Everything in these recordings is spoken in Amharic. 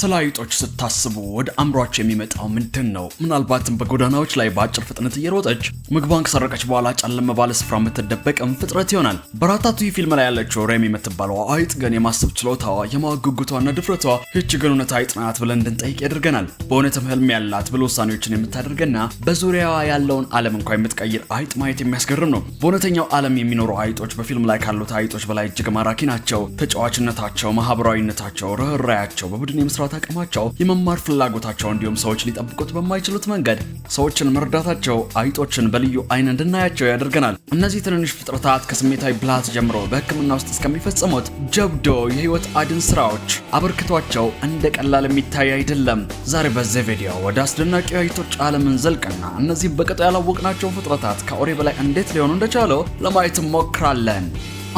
ስለ አይጦች ስታስቡ ወደ አእምሯቸው የሚመጣው ምንድን ነው? ምናልባትም በጎዳናዎች ላይ በአጭር ፍጥነት እየሮጠች ምግቧን ከሰረቀች በኋላ ጨለማ ባለ ስፍራ የምትደበቅም ፍጥረት ይሆናል። በራታቱይ ፊልም ላይ ያለችው ሬም የምትባለው አይጥ ግን የማሰብ ችሎታዋ፣ የማወቅ ጉጉቷና ድፍረቷ ይህች ግን እውነት አይጥ ናት ብለን እንድንጠይቅ ያደርገናል። በእውነትም ህልም ያላት ብል ውሳኔዎችን የምታደርገና በዙሪያዋ ያለውን ዓለም እንኳ የምትቀይር አይጥ ማየት የሚያስገርም ነው። በእውነተኛው ዓለም የሚኖሩ አይጦች በፊልም ላይ ካሉት አይጦች በላይ እጅግ ማራኪ ናቸው። ተጫዋችነታቸው፣ ማህበራዊነታቸው፣ ርኅራያቸው፣ በቡድን የመስራት የማውራት አቅማቸው፣ የመማር ፍላጎታቸው እንዲሁም ሰዎች ሊጠብቁት በማይችሉት መንገድ ሰዎችን መርዳታቸው አይጦችን በልዩ አይን እንድናያቸው ያደርገናል። እነዚህ ትንንሽ ፍጥረታት ከስሜታዊ ብልሃት ጀምሮ በሕክምና ውስጥ እስከሚፈጽሙት ጀብዶ የህይወት አድን ስራዎች አበርክቷቸው እንደ ቀላል የሚታይ አይደለም። ዛሬ በዚህ ቪዲዮ ወደ አስደናቂ አይቶች አለምን ዘልቅና እነዚህም በቅጡ ያላወቅናቸው ፍጥረታት ከኦሬ በላይ እንዴት ሊሆኑ እንደቻለው ለማየት እንሞክራለን።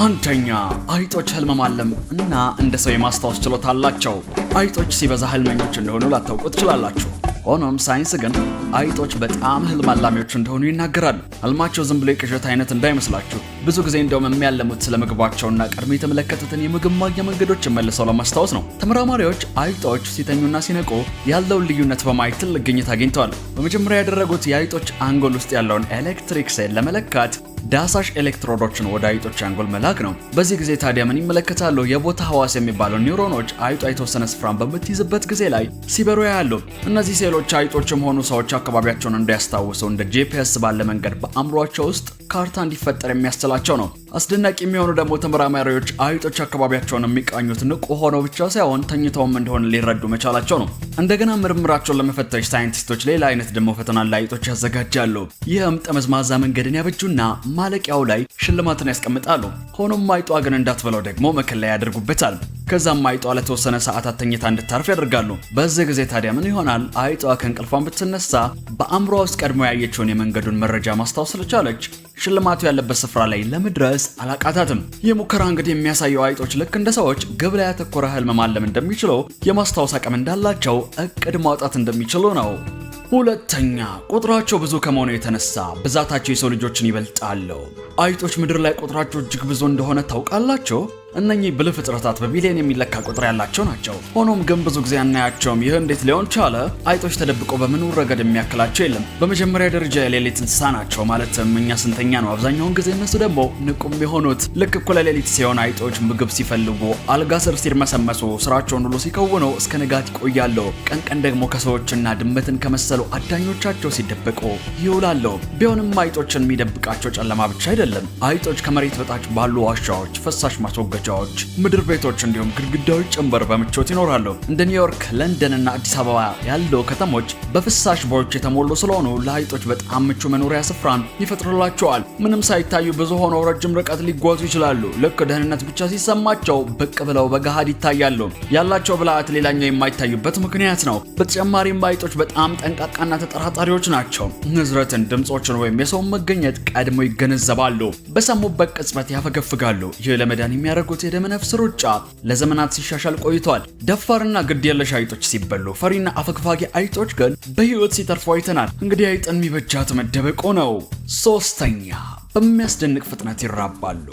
አንደኛ አይጦች ህልም ማለም እና እንደ ሰው የማስታወስ ችሎታ አላቸው። አይጦች ሲበዛ ህልመኞች እንደሆኑ ላታውቁ ትችላላችሁ። ሆኖም ሳይንስ ግን አይጦች በጣም ህልም አላሚዎች እንደሆኑ ይናገራሉ። ህልማቸው ዝም ብሎ የቅዠት አይነት እንዳይመስላችሁ ብዙ ጊዜ እንደውም የሚያለሙት ስለ ምግባቸውና ቀድሞ የተመለከቱትን የምግብ ማግኛ መንገዶች መልሰው ለማስታወስ ነው። ተመራማሪዎች አይጦች ሲተኙና ሲነቁ ያለውን ልዩነት በማየት ትልቅ ግኝት አግኝተዋል። በመጀመሪያ ያደረጉት የአይጦች አንጎል ውስጥ ያለውን ኤሌክትሪክ ሴል ለመለካት ዳሳሽ ኤሌክትሮዶችን ወደ አይጦች አንጎል መላክ ነው። በዚህ ጊዜ ታዲያ ምን ይመለከታሉ? የቦታ ህዋስ የሚባሉ ኒውሮኖች አይጧ የተወሰነ ስፍራን በምትይዝበት ጊዜ ላይ ሲበሩ ያያሉ። እነዚህ ሴሎች አይጦችም ሆኑ ሰዎች አካባቢያቸውን እንዳያስታውሱ እንደ ጂፒኤስ ባለ መንገድ በአእምሯቸው ውስጥ ካርታ እንዲፈጠር የሚያስችል la chono አስደናቂ የሚሆኑ ደግሞ ተመራማሪዎች አይጦች አካባቢያቸውን የሚቃኙት ንቁ ሆነው ብቻ ሳይሆን ተኝተውም እንደሆነ ሊረዱ መቻላቸው ነው። እንደገና ምርምራቸውን ለመፈተሽ ሳይንቲስቶች ሌላ አይነት ደግሞ ፈተና ለአይጦች ያዘጋጃሉ። ይህም ጠመዝማዛ መንገድን ያበጁና ማለቂያው ላይ ሽልማትን ያስቀምጣሉ። ሆኖም አይጧ ግን እንዳትበለው ደግሞ መከለያ ያደርጉበታል። ከዛም አይጧ ለተወሰነ ሰዓታት ተኝታ እንድታርፍ ያደርጋሉ። በዚህ ጊዜ ታዲያ ምን ይሆናል? አይጧ ከእንቅልፏን ብትነሳ በአእምሯ ውስጥ ቀድሞ ያየችውን የመንገዱን መረጃ ማስታወስ ስለቻለች ሽልማቱ ያለበት ስፍራ ላይ ለመድረስ መመለስ አላቃታትም። ይህ ሙከራ እንግዲህ የሚያሳየው አይጦች ልክ እንደ ሰዎች ግብ ላይ ያተኮረ ህልም ማለም እንደሚችሉ፣ የማስታወስ አቅም እንዳላቸው እቅድ ማውጣት እንደሚችሉ ነው። ሁለተኛ ቁጥራቸው ብዙ ከመሆኑ የተነሳ ብዛታቸው የሰው ልጆችን ይበልጣሉ። አይጦች ምድር ላይ ቁጥራቸው እጅግ ብዙ እንደሆነ ታውቃላቸው? እነኚህ ብልህ ፍጥረታት በቢሊዮን የሚለካ ቁጥር ያላቸው ናቸው። ሆኖም ግን ብዙ ጊዜ አናያቸውም። ይህ እንዴት ሊሆን ቻለ? አይጦች ተደብቆ በመኖር ረገድ የሚያክላቸው የለም። በመጀመሪያ ደረጃ የሌሊት እንስሳ ናቸው። ማለትም እኛ ስንተኛ ነው አብዛኛውን ጊዜ፣ እነሱ ደግሞ ንቁም የሆኑት ልክ እኩለ ሌሊት ሲሆን አይጦች ምግብ ሲፈልጉ አልጋ ስር ሲርመሰመሱ ስራቸውን ሁሉ ሲከውኑ እስከ ንጋት ይቆያሉ። ቀን ቀን ደግሞ ከሰዎችና ድመትን ከመሰሉ አዳኞቻቸው ሲደበቁ ይውላሉ። ቢሆንም አይጦችን የሚደብቃቸው ጨለማ ብቻ አይደለም። አይጦች ከመሬት በታች ባሉ ዋሻዎች፣ ፈሳሽ ማስወገ ደረጃዎች፣ ምድር ቤቶች እንዲሁም ግድግዳዎች ጭምር በምቾት ይኖራሉ። እንደ ኒውዮርክ፣ ለንደን እና አዲስ አበባ ያለው ከተሞች በፍሳሽ ቦዮች የተሞሉ ስለሆኑ ለአይጦች በጣም ምቹ መኖሪያ ስፍራን ይፈጥርላቸዋል። ምንም ሳይታዩ ብዙ ሆነው ረጅም ርቀት ሊጓዙ ይችላሉ። ልክ ደህንነት ብቻ ሲሰማቸው ብቅ ብለው በገሃድ ይታያሉ። ያላቸው ብልሃት ሌላኛው የማይታዩበት ምክንያት ነው። በተጨማሪም አይጦች በጣም ጠንቃቃና ተጠራጣሪዎች ናቸው። ንዝረትን፣ ድምፆችን ወይም የሰውን መገኘት ቀድሞ ይገነዘባሉ። በሰሙበት ቅጽበት ያፈገፍጋሉ። ይህ ለመዳን የሚያደርጉ ፍላጎት የደም ሩጫ ለዘመናት ሲሻሻል ቆይቷል። ደፋርና ግድ የለሽ አይጦች ሲበሉ፣ ፈሪና አፈግፋጊ አይጦች ግን በህይወት ሲተርፉ አይተናል። እንግዲህ አይጥን የሚበጃት መደበቁ ነው። ሶስተኛ በሚያስደንቅ ፍጥነት ይራባሉ።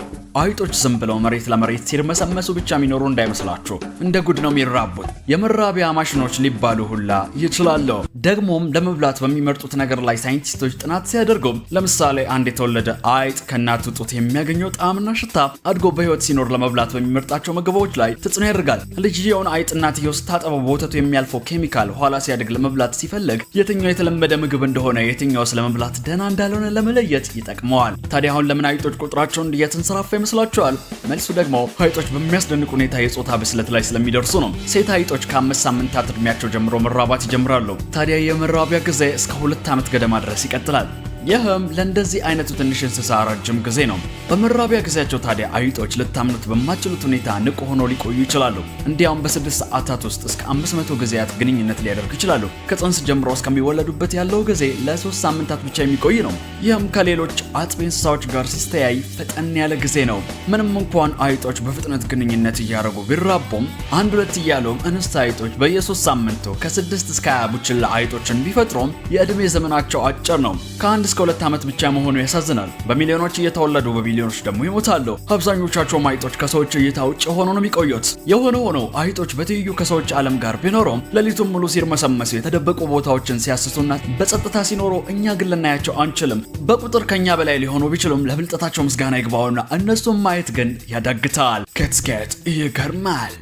አይጦች ዝም ብለው መሬት ለመሬት ሲርመሰመሱ ብቻ የሚኖሩ እንዳይመስላችሁ፣ እንደ ጉድ ነው የሚራቡት። የመራቢያ ማሽኖች ሊባሉ ሁላ ይችላሉ። ደግሞም ለመብላት በሚመርጡት ነገር ላይ ሳይንቲስቶች ጥናት ሲያደርጉም፣ ለምሳሌ አንድ የተወለደ አይጥ ከእናቱ ጡት የሚያገኘው ጣዕምና ሽታ አድጎ በህይወት ሲኖር ለመብላት በሚመርጣቸው ምግቦች ላይ ተጽዕኖ ያደርጋል። ልጅየውን አይጥ እናትየው ስታጠበው በወተቱ የሚያልፈው ኬሚካል ኋላ ሲያድግ ለመብላት ሲፈልግ የትኛው የተለመደ ምግብ እንደሆነ፣ የትኛውስ ለመብላት ደህና እንዳልሆነ ለመለየት ይጠቅመዋል። ታዲያ አሁን ለምን አይጦች ቁጥራቸው እየተንሰራፋ ይመስላችኋል? መልሱ ደግሞ አይጦች በሚያስደንቅ ሁኔታ የጾታ ብስለት ላይ ስለሚደርሱ ነው። ሴት አይጦች ከአምስት ሳምንታት እድሜያቸው ጀምሮ መራባት ይጀምራሉ። ታዲያ የመራቢያ ጊዜ እስከ ሁለት ዓመት ገደማ ድረስ ይቀጥላል። ይህም ለእንደዚህ አይነቱ ትንሽ እንስሳ ረጅም ጊዜ ነው። በመራቢያ ጊዜያቸው ታዲያ አይጦች ልታምኑት በማችሉት ሁኔታ ንቁ ሆነው ሊቆዩ ይችላሉ። እንዲያውም በስድስት ሰዓታት ውስጥ እስከ 500 ጊዜያት ግንኙነት ሊያደርጉ ይችላሉ። ከጽንስ ጀምሮ እስከሚወለዱበት ያለው ጊዜ ለሶስት ሳምንታት ብቻ የሚቆይ ነው። ይህም ከሌሎች አጥቢ እንስሳዎች ጋር ሲስተያይ ፈጠን ያለ ጊዜ ነው። ምንም እንኳን አይጦች በፍጥነት ግንኙነት እያደረጉ ቢራቡም አንድ ሁለት እያሉም እንስት አይጦች በየሶስት ሳምንቱ ከስድስት እስከ 20 ቡችላ አይጦችን ቢፈጥሩም የዕድሜ ዘመናቸው አጭር ነው። ከአንድ እስከ ሁለት ዓመት ብቻ መሆኑ ያሳዝናል። በሚሊዮኖች እየተወለዱ በቢሊ ሚሊዮኖች ደግሞ ይሞታሉ። አብዛኞቻቸውም አይጦች ከሰዎች እይታ ውጭ ሆኖ ነው የሚቆዩት። የሆነ ሆኖ አይጦች በትይዩ ከሰዎች ዓለም ጋር ቢኖረውም ሌሊቱን ሙሉ ሲርመሰመሱ የተደበቁ ቦታዎችን ሲያስቱና በጸጥታ ሲኖሩ እኛ ግን ልናያቸው አንችልም። በቁጥር ከኛ በላይ ሊሆኑ ቢችሉም ለብልጠታቸው ምስጋና ይግባውና እነሱን ማየት ግን ያዳግታል። ከትስኬት ይገርማል።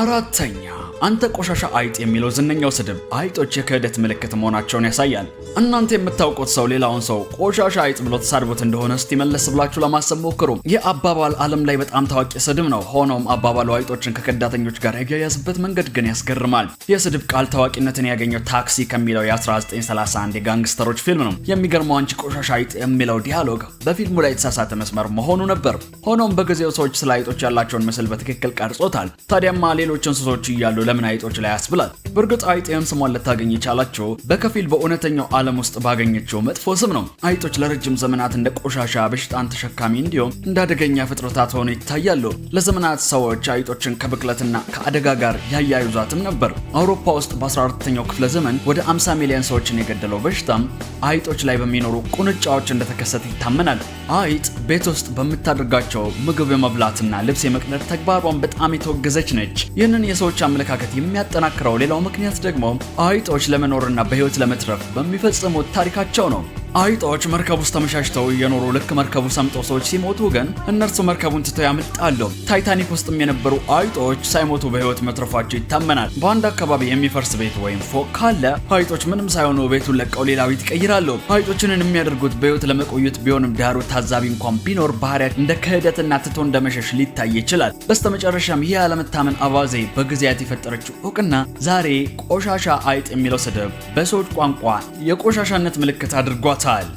አራተኛ አንተ ቆሻሻ አይጥ የሚለው ዝነኛው ስድብ አይጦች የክህደት ምልክት መሆናቸውን ያሳያል። እናንተ የምታውቁት ሰው ሌላውን ሰው ቆሻሻ አይጥ ብሎ ተሳድቦት እንደሆነ እስቲ መለስ ብላችሁ ለማሰብ ሞክሩ። ይህ አባባል ዓለም ላይ በጣም ታዋቂ ስድብ ነው። ሆኖም አባባሉ አይጦችን ከከዳተኞች ጋር ያያያዝበት መንገድ ግን ያስገርማል። የስድብ ቃል ታዋቂነትን ያገኘው ታክሲ ከሚለው የ1931 የጋንግስተሮች ፊልም ነው። የሚገርመው አንቺ ቆሻሻ አይጥ የሚለው ዲያሎግ በፊልሙ ላይ የተሳሳተ መስመር መሆኑ ነበር። ሆኖም በጊዜው ሰዎች ስለ አይጦች ያላቸውን ምስል በትክክል ቀርጾታል። ታዲያማ ሌሎች እንስሶች እያሉ ለምን አይጦች ላይ ያስብላል። በእርግጥ አይጥ ያን ስሟን ልታገኝ የቻላቸው በከፊል በእውነተኛው ዓለም ውስጥ ባገኘችው መጥፎ ስም ነው። አይጦች ለረጅም ዘመናት እንደ ቆሻሻ በሽታን ተሸካሚ እንዲሁም እንደ አደገኛ ፍጥረታት ሆነው ይታያሉ። ለዘመናት ሰዎች አይጦችን ከብክለትና ከአደጋ ጋር ያያይዟትም ነበር። አውሮፓ ውስጥ በ14ኛው ክፍለ ዘመን ወደ 50 ሚሊዮን ሰዎችን የገደለው በሽታም አይጦች ላይ በሚኖሩ ቁንጫዎች እንደተከሰተ ይታመናል። አይጥ ቤት ውስጥ በምታደርጋቸው ምግብ የመብላትና ልብስ የመቅደድ ተግባሯን በጣም የተወገዘች ነች። ይህንን የሰዎች አመለካከት አመለካከት የሚያጠናክረው ሌላው ምክንያት ደግሞ አይጦች ለመኖርና በህይወት ለመትረፍ በሚፈጽሙት ታሪካቸው ነው። አይጦች መርከብ ውስጥ ተመሻሽተው እየኖሩ ልክ መርከቡ ሰምጠው ሰዎች ሲሞቱ ግን እነርሱ መርከቡን ትተው ያመልጣሉ። ታይታኒክ ውስጥም የነበሩ አይጦች ሳይሞቱ በህይወት መትረፋቸው ይታመናል። በአንድ አካባቢ የሚፈርስ ቤት ወይም ፎቅ ካለ አይጦች ምንም ሳይሆኑ ቤቱን ለቀው ሌላ ቤት ይቀይራሉ። አይጦችንን የሚያደርጉት በህይወት ለመቆየት ቢሆንም ዳሩ ታዛቢ እንኳን ቢኖር ባህሪያት እንደ ክህደትና ትቶ እንደመሸሽ ሊታይ ይችላል። በስተመጨረሻም ይህ ያለመታመን አባዜ በጊዜያት የፈጠረችው እውቅና ዛሬ ቆሻሻ አይጥ የሚለው ስድብ በሰዎች ቋንቋ የቆሻሻነት ምልክት አድርጓል። ይኖራታል።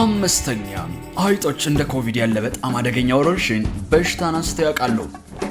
አምስተኛ አይጦች እንደ ኮቪድ ያለ በጣም አደገኛ ወረርሽኝ በሽታን አንስተው ያውቃሉ።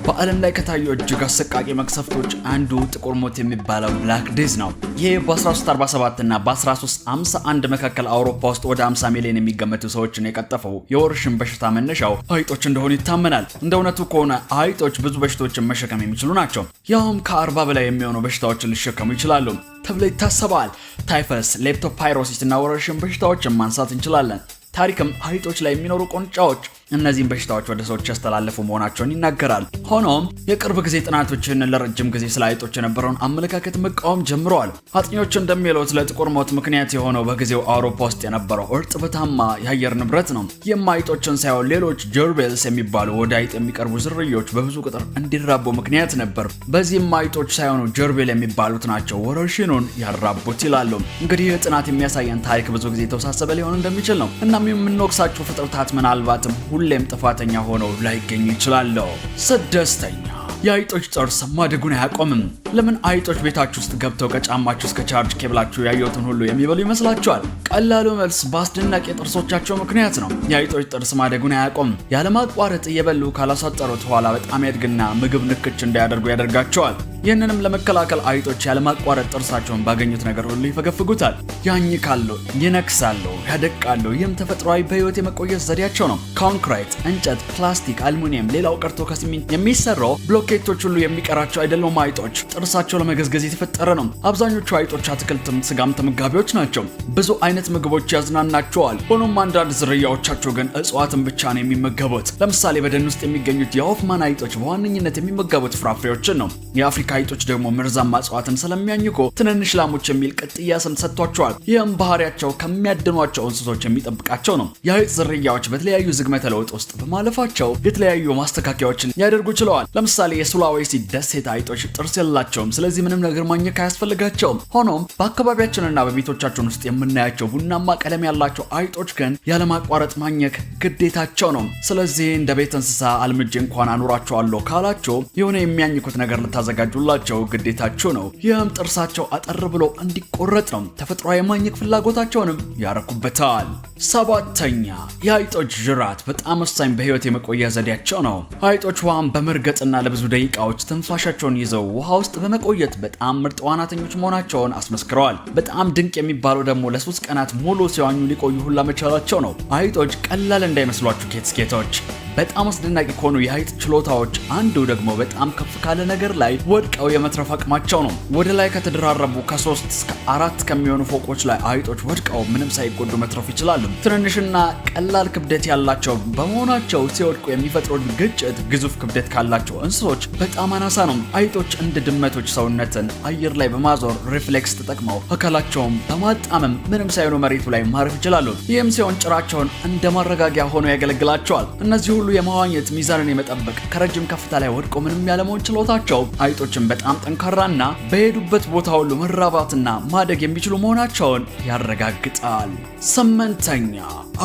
በዓለም ላይ ከታዩ እጅግ አሰቃቂ መቅሰፍቶች አንዱ ጥቁር ሞት የሚባለው ብላክ ዴዝ ነው። ይህ በ1347 እና በ1351 መካከል አውሮፓ ውስጥ ወደ 50 ሚሊዮን የሚገመቱ ሰዎችን የቀጠፈው የወረርሽኝ በሽታ መነሻው አይጦች እንደሆኑ ይታመናል። እንደ እውነቱ ከሆነ አይጦች ብዙ በሽታዎችን መሸከም የሚችሉ ናቸው። ያውም ከ40 በላይ የሚሆኑ በሽታዎችን ሊሸከሙ ይችላሉ ተብሎ ይታሰባል። ታይፈስ፣ ሌፕቶፓይሮሲስ እና ወረርሽኝ በሽታዎችን ማንሳት እንችላለን። ታሪክም አይጦች ላይ የሚኖሩ ቆንጫዎች እነዚህም በሽታዎች ወደ ሰዎች ያስተላለፉ መሆናቸውን ይናገራል። ሆኖም የቅርብ ጊዜ ጥናቶችን ለረጅም ጊዜ ስለ አይጦች የነበረውን አመለካከት መቃወም ጀምረዋል። አጥኚዎች እንደሚሉት ለጥቁር ሞት ምክንያት የሆነው በጊዜው አውሮፓ ውስጥ የነበረው እርጥበታማ የአየር ንብረት ነው። የማይጦችን ሳይሆን ሌሎች ጀርቤልስ የሚባሉ ወደ አይጥ የሚቀርቡ ዝርዮች በብዙ ቁጥር እንዲራቡ ምክንያት ነበር። በዚህም አይጦች ሳይሆኑ ጀርቤል የሚባሉት ናቸው ወረርሽኑን ያራቡት ይላሉ። እንግዲህ ይህ ጥናት የሚያሳየን ታሪክ ብዙ ጊዜ የተወሳሰበ ሊሆን እንደሚችል ነው። እናም የምንወቅሳቸው ፍጥረታት ምናልባትም ሁሌም ጥፋተኛ ሆነው ላይገኙ ይችላለሁ። ስድስተኛ የአይጦች ጥርስ ማደጉን አያቆምም። ለምን አይጦች ቤታችሁ ውስጥ ገብተው ከጫማችሁ እስከ ቻርጅ ኬብላችሁ ያየሁትን ሁሉ የሚበሉ ይመስላችኋል? ቀላሉ መልስ በአስደናቂ የጥርሶቻቸው ምክንያት ነው። የአይጦች ጥርስ ማደጉን አያቆም። ያለማቋረጥ እየበሉ ካላሳጠሩት በኋላ በጣም ያድግና ምግብ ንክች እንዳያደርጉ ያደርጋቸዋል። ይህንንም ለመከላከል አይጦች ያለማቋረጥ ጥርሳቸውን ባገኙት ነገር ሁሉ ይፈገፍጉታል። ያኝካሉ፣ ይነክሳሉ፣ ያደቃሉ። ይህም ተፈጥሯዊ በህይወት የመቆየት ዘዴያቸው ነው። ኮንክሪት፣ እንጨት፣ ፕላስቲክ፣ አልሙኒየም፣ ሌላው ቀርቶ ከሲሚንት የሚሰራው ብሎኬቶች ሁሉ የሚቀራቸው አይደለም። አይጦች ጥርሳቸው ለመገዝገዝ የተፈጠረ ነው። አብዛኞቹ አይጦች አትክልትም ስጋም ተመጋቢዎች ናቸው። ብዙ አይነት ምግቦች ያዝናናቸዋል። ሆኖም አንዳንድ ዝርያዎቻቸው ግን እጽዋትን ብቻ ነው የሚመገቡት። ለምሳሌ በደን ውስጥ የሚገኙት የሆፍማን አይጦች በዋነኝነት የሚመገቡት ፍራፍሬዎችን ነው። የአፍሪካ የአፍሪካ አይጦች ደግሞ መርዛማ እጽዋትን ስለሚያኝኩ ትንንሽ ላሞች የሚል ቅጥያ ስም ሰጥቷቸዋል። ይህም ባህሪያቸው ከሚያድኗቸው እንስሶች የሚጠብቃቸው ነው። የአይጥ ዝርያዎች በተለያዩ ዝግመተ ለውጥ ውስጥ በማለፋቸው የተለያዩ ማስተካከያዎችን ያደርጉ ችለዋል። ለምሳሌ የሱላዌሲ ደሴት አይጦች ጥርስ የላቸውም። ስለዚህ ምንም ነገር ማኘክ አያስፈልጋቸውም። ሆኖም በአካባቢያችንና በቤቶቻችን ውስጥ የምናያቸው ቡናማ ቀለም ያላቸው አይጦች ግን ያለማቋረጥ ማኘክ ግዴታቸው ነው። ስለዚህ እንደ ቤት እንስሳ አልምጄ እንኳን አኑራቸዋለሁ ካላቸው የሆነ የሚያኝኩት ነገር ልታዘጋጁ ሊፈቅዱላቸው ግዴታቸው ነው። ይህም ጥርሳቸው አጠር ብሎ እንዲቆረጥ ነው። ተፈጥሯዊ የማኘክ ፍላጎታቸውንም ያረኩበታል። ሰባተኛ የአይጦች ጅራት በጣም ወሳኝ በህይወት የመቆያ ዘዴያቸው ነው። አይጦች ውሃን በመርገጥና ለብዙ ደቂቃዎች ትንፋሻቸውን ይዘው ውሃ ውስጥ በመቆየት በጣም ምርጥ ዋናተኞች መሆናቸውን አስመስክረዋል። በጣም ድንቅ የሚባለው ደግሞ ለሶስት ቀናት ሙሉ ሲዋኙ ሊቆዩ ሁላ መቻላቸው ነው። አይጦች ቀላል እንዳይመስሏችሁ ኬትስኬቶች። በጣም አስደናቂ ከሆኑ የሀይጥ ችሎታዎች አንዱ ደግሞ በጣም ከፍ ካለ ነገር ላይ ወደ ወድቀው የመትረፍ አቅማቸው ነው። ወደ ላይ ከተደራረቡ ከሶስት እስከ አራት ከሚሆኑ ፎቆች ላይ አይጦች ወድቀው ምንም ሳይጎዱ መትረፍ ይችላሉ። ትንንሽና ቀላል ክብደት ያላቸው በመሆናቸው ሲወድቁ የሚፈጥሩት ግጭት ግዙፍ ክብደት ካላቸው እንስሶች በጣም አናሳ ነው። አይጦች እንደ ድመቶች ሰውነትን አየር ላይ በማዞር ሪፍሌክስ ተጠቅመው አካላቸውም በማጣመም ምንም ሳይሆኑ መሬቱ ላይ ማረፍ ይችላሉ። ይህም ሲሆን ጭራቸውን እንደ ማረጋጊያ ሆኖ ያገለግላቸዋል። እነዚህ ሁሉ የመዋኘት ሚዛንን የመጠበቅ ከረጅም ከፍታ ላይ ወድቆ ምንም ያለመሆን ችሎታቸው አይጦች ሰዎችን በጣም ጠንካራና በሄዱበት ቦታ ሁሉ መራባትና ማደግ የሚችሉ መሆናቸውን ያረጋግጣል። ስምንተኛ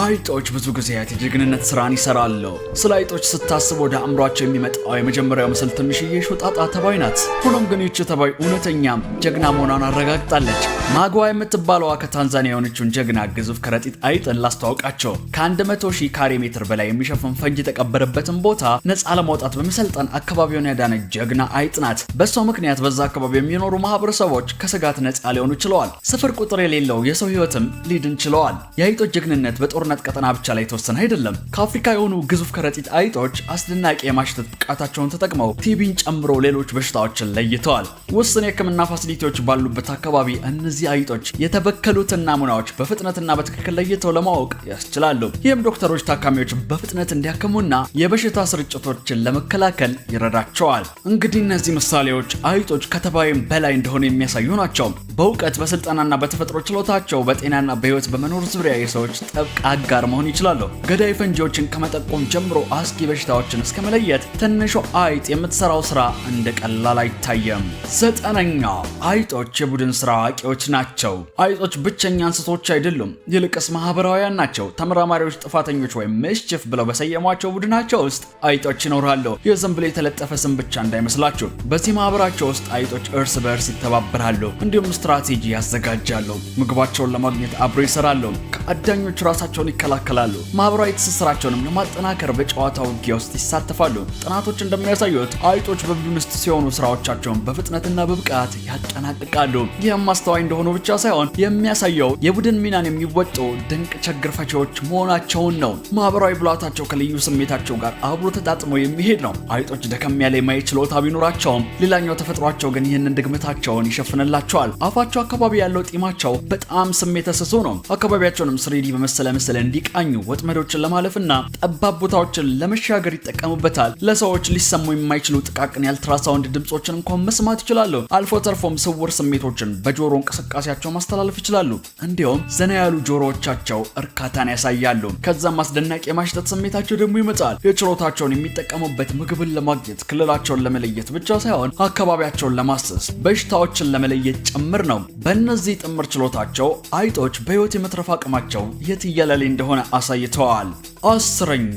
አይጦች ብዙ ጊዜያት የጀግንነት ስራን ይሰራሉ። ስለ አይጦች ስታስብ ወደ አእምሯቸው የሚመጣው የመጀመሪያው ምስል ትንሽዬ ሾጣጣ ተባይ ናት። ሆኖም ግን ይች ተባይ እውነተኛም ጀግና መሆኗን አረጋግጣለች። ማግዋ የምትባለዋ ከታንዛኒያ የሆነችውን ጀግና ግዙፍ ከረጢት አይጥን ላስተዋውቃቸው። ከ100 ሺህ ካሬ ሜትር በላይ የሚሸፍን ፈንጅ የተቀበረበትን ቦታ ነፃ ለማውጣት በመሰልጠን አካባቢውን ያዳነ ጀግና አይጥ ናት። በሷ ምክንያት በዛ አካባቢ የሚኖሩ ማህበረሰቦች ከስጋት ነፃ ሊሆኑ ችለዋል። ስፍር ቁጥር የሌለው የሰው ህይወትም ሊድን ችለዋል። የአይጦች ጀግንነት በጦር ጦርነት ቀጠና ብቻ ላይ የተወሰነ አይደለም። ከአፍሪካ የሆኑ ግዙፍ ከረጢት አይጦች አስደናቂ የማሽተት ብቃታቸውን ተጠቅመው ቲቢን ጨምሮ ሌሎች በሽታዎችን ለይተዋል። ውስን የህክምና ፋሲሊቲዎች ባሉበት አካባቢ እነዚህ አይጦች የተበከሉትን ናሙናዎች በፍጥነትና በትክክል ለይተው ለማወቅ ያስችላሉ። ይህም ዶክተሮች ታካሚዎች በፍጥነት እንዲያከሙና የበሽታ ስርጭቶችን ለመከላከል ይረዳቸዋል። እንግዲህ እነዚህ ምሳሌዎች አይጦች ከተባይም በላይ እንደሆነ የሚያሳዩ ናቸው። በእውቀት በስልጠናና በተፈጥሮ ችሎታቸው በጤናና በህይወት በመኖር ዙሪያ የሰዎች ጥብቅ አጋር መሆን ይችላሉ። ገዳይ ፈንጂዎችን ከመጠቆም ጀምሮ አስጊ በሽታዎችን እስከ መለየት ትንሿ አይጥ የምትሰራው ስራ እንደ ቀላል አይታየም። ዘጠነኛ አይጦች የቡድን ስራ አዋቂዎች ናቸው። አይጦች ብቸኛ እንስሶች አይደሉም፣ ይልቅስ ማህበራውያን ናቸው። ተመራማሪዎች ጥፋተኞች ወይም ምሽችፍ ብለው በሰየሟቸው ቡድናቸው ውስጥ አይጦች ይኖራሉ። የዝም ብሎ የተለጠፈ ስም ብቻ እንዳይመስላችሁ። በዚህ ማህበራቸው ውስጥ አይጦች እርስ በእርስ ይተባበራሉ እንዲሁም ስትራቴጂ ያዘጋጃሉ። ምግባቸውን ለማግኘት አብሮ ይሰራሉ። ከአዳኞች ራሳቸውን ይከላከላሉ። ማህበራዊ ትስስራቸውንም ለማጠናከር በጨዋታ ውጊያ ውስጥ ይሳተፋሉ። ጥናቶች እንደሚያሳዩት አይጦች በቡድን ውስጥ ሲሆኑ ስራዎቻቸውን በፍጥነትና በብቃት ያጠናቅቃሉ። ይህም አስተዋይ እንደሆኑ ብቻ ሳይሆን የሚያሳየው የቡድን ሚናን የሚወጡ ድንቅ ችግር ፈቺዎች መሆናቸውን ነው። ማህበራዊ ብልሃታቸው ከልዩ ስሜታቸው ጋር አብሮ ተጣጥሞ የሚሄድ ነው። አይጦች ደከም ያለ የማየት ችሎታ ቢኖራቸውም፣ ሌላኛው ተፈጥሯቸው ግን ይህንን ድግምታቸውን ይሸፍንላቸዋል። አፋቸው አካባቢ ያለው ጢማቸው በጣም ስሜት ተስሶ ነው። አካባቢያቸውንም ስሪዲ በመሰለ ምስል እንዲቃኙ ወጥመዶችን ለማለፍና ጠባብ ቦታዎችን ለመሻገር ይጠቀሙበታል። ለሰዎች ሊሰሙ የማይችሉ ጥቃቅን ያልትራሳውንድ ድምፆችን እንኳን መስማት ይችላሉ። አልፎ ተርፎም ስውር ስሜቶችን በጆሮ እንቅስቃሴያቸው ማስተላለፍ ይችላሉ። እንዲሁም ዘና ያሉ ጆሮዎቻቸው እርካታን ያሳያሉ። ከዛም አስደናቂ የማሽተት ስሜታቸው ደግሞ ይመጣል። የችሎታቸውን የሚጠቀሙበት ምግብን ለማግኘት፣ ክልላቸውን ለመለየት ብቻ ሳይሆን አካባቢያቸውን ለማሰስ፣ በሽታዎችን ለመለየት ጭምር ጭምር ነው። በእነዚህ ጥምር ችሎታቸው አይጦች በሕይወት የመትረፍ አቅማቸው የትየለሌ እንደሆነ አሳይተዋል። አስረኛ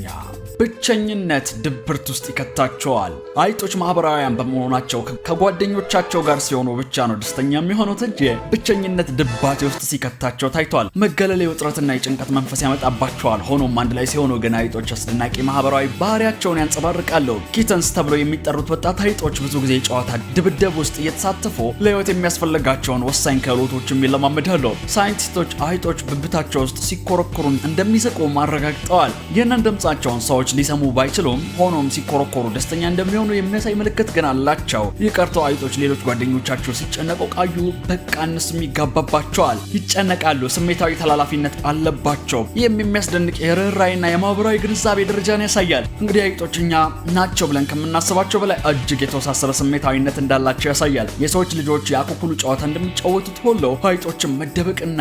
ብቸኝነት ድብርት ውስጥ ይከታቸዋል። አይጦች ማህበራውያን በመሆናቸው ከጓደኞቻቸው ጋር ሲሆኑ ብቻ ነው ደስተኛ የሚሆኑት እንጂ ብቸኝነት ድባቴ ውስጥ ሲከታቸው ታይቷል። መገለል የውጥረትና የጭንቀት መንፈስ ያመጣባቸዋል። ሆኖም አንድ ላይ ሲሆኑ ግን አይጦች አስደናቂ ማህበራዊ ባህሪያቸውን ያንጸባርቃሉ። ኪተንስ ተብለው የሚጠሩት ወጣት አይጦች ብዙ ጊዜ ጨዋታ ድብደብ ውስጥ እየተሳተፉ ለህይወት የሚያስፈልጋቸውን ወሳኝ ክህሎቶችም ይለማመዳሉ። ሳይንቲስቶች አይጦች ብብታቸው ውስጥ ሲኮረኮሩን እንደሚስቁ አረጋግጠዋል። ይህንን ድምፃቸውን ሰዎች ሊሰሙ ባይችሉም ሆኖም ሲኮረኮሩ ደስተኛ እንደሚሆኑ የሚያሳይ ምልክት ግን አላቸው። ይቀርተው አይጦች ሌሎች ጓደኞቻቸው ሲጨነቁ ቃዩ በቃ እነሱም ይጋባባቸዋል፣ ይጨነቃሉ፣ ስሜታዊ ተላላፊነት አለባቸው። ይህም የሚያስደንቅ የርኅራይና የማህበራዊ ግንዛቤ ደረጃን ያሳያል። እንግዲህ አይጦች እኛ ናቸው ብለን ከምናስባቸው በላይ እጅግ የተወሳሰበ ስሜታዊነት እንዳላቸው ያሳያል። የሰዎች ልጆች የአኩኩሉ ጨዋታ እንደሚጫወቱት ሁሉ አይጦችም መደበቅና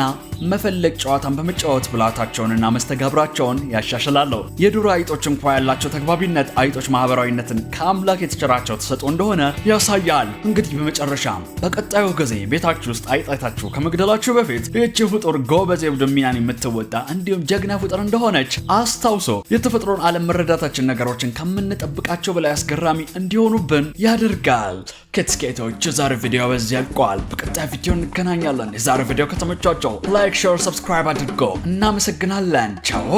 መፈለግ ጨዋታን በመጫወት ብልሃታቸውንና መስተጋብራቸውን ያሻሻል እችላለሁ። የዱር አይጦች እንኳ ያላቸው ተግባቢነት አይጦች ማህበራዊነትን ከአምላክ የተቸራቸው ተሰጦ እንደሆነ ያሳያል። እንግዲህ በመጨረሻ በቀጣዩ ጊዜ ቤታችሁ ውስጥ አይጥ ከመግደላችሁ በፊት ይህቺ ፍጡር ጎበዝ የቡድን ሚናን የምትወጣ እንዲሁም ጀግና ፍጡር እንደሆነች አስታውሶ የተፈጥሮን ዓለም መረዳታችን ነገሮችን ከምንጠብቃቸው በላይ አስገራሚ እንዲሆኑብን ያደርጋል። ከትስኬቶች የዛሬ ቪዲዮ በዚህ ያልቀዋል። በቀጣይ ቪዲዮ እንገናኛለን። የዛሬ ቪዲዮ ከተመቻቸው ላይክ፣ ሼር፣ ሰብስክራይብ አድርጎ እናመሰግናለን። ቻው